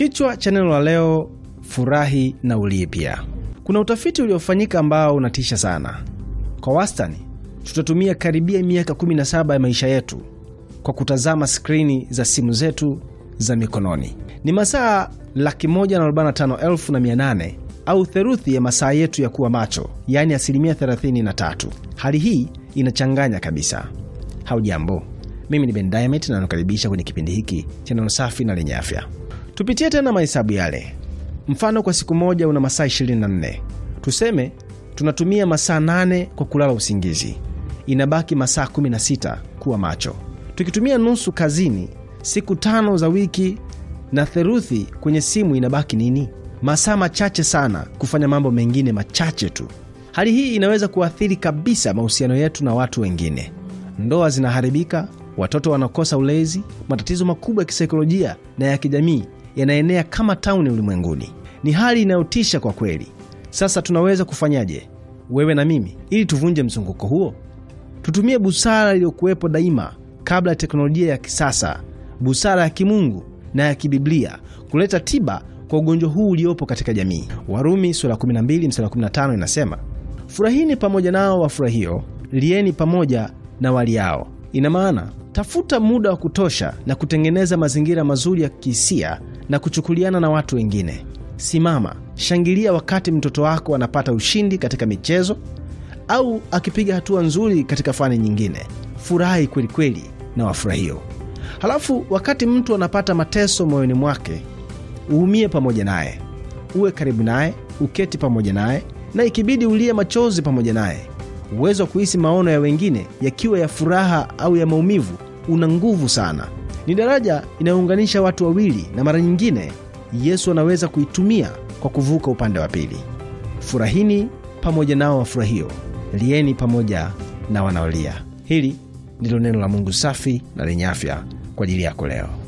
Kichwa cha neno la leo, furahi na ulie pia. Kuna utafiti uliofanyika ambao unatisha sana. Kwa wastani, tutatumia karibia miaka 17 ya maisha yetu kwa kutazama skrini za simu zetu za mikononi. Ni masaa laki moja na arobaini na tano elfu na mia nane au theruthi ya masaa yetu ya kuwa macho, yaani asilimia 33. Hali hii inachanganya kabisa. Haujambo, mimi ni Ben Diamond na nakaribisha kwenye kipindi hiki cha neno safi na lenye afya. Tupitie tena mahesabu yale. Mfano, kwa siku moja una masaa 24, tuseme tunatumia masaa 8 kwa kulala usingizi, inabaki masaa 16 kuwa macho. Tukitumia nusu kazini, siku tano za wiki na theruthi kwenye simu, inabaki nini? Masaa machache sana kufanya mambo mengine machache tu. Hali hii inaweza kuathiri kabisa mahusiano yetu na watu wengine. Ndoa zinaharibika, watoto wanakosa ulezi, matatizo makubwa ya kisaikolojia na ya kijamii yanaenea kama tauni ulimwenguni. Ni hali inayotisha kwa kweli. Sasa tunaweza kufanyaje, wewe na mimi, ili tuvunje mzunguko huo? Tutumie busara iliyokuwepo daima kabla ya teknolojia ya kisasa, busara ya kimungu na ya kibiblia kuleta tiba kwa ugonjwa huu uliopo katika jamii. Warumi sura 12 mstari 15 inasema, furahini pamoja nao wafurahio, lieni pamoja na waliao. Ina maana tafuta muda wa kutosha na kutengeneza mazingira mazuri ya kihisia na kuchukuliana na watu wengine. Simama, shangilia wakati mtoto wako anapata ushindi katika michezo au akipiga hatua nzuri katika fani nyingine. Furahi kwelikweli na wafurahio. Halafu wakati mtu anapata mateso moyoni mwake, uumie pamoja naye, uwe karibu naye, uketi pamoja naye, na ikibidi ulie machozi pamoja naye. Uwezo wa kuhisi maono ya wengine yakiwa ya furaha au ya maumivu una nguvu sana. Ni daraja inayounganisha watu wawili, na mara nyingine Yesu anaweza kuitumia kwa kuvuka upande wa pili. Furahini pamoja nao wafurahio, lieni pamoja na wanaolia. Hili ndilo neno la Mungu safi na lenye afya kwa ajili yako leo.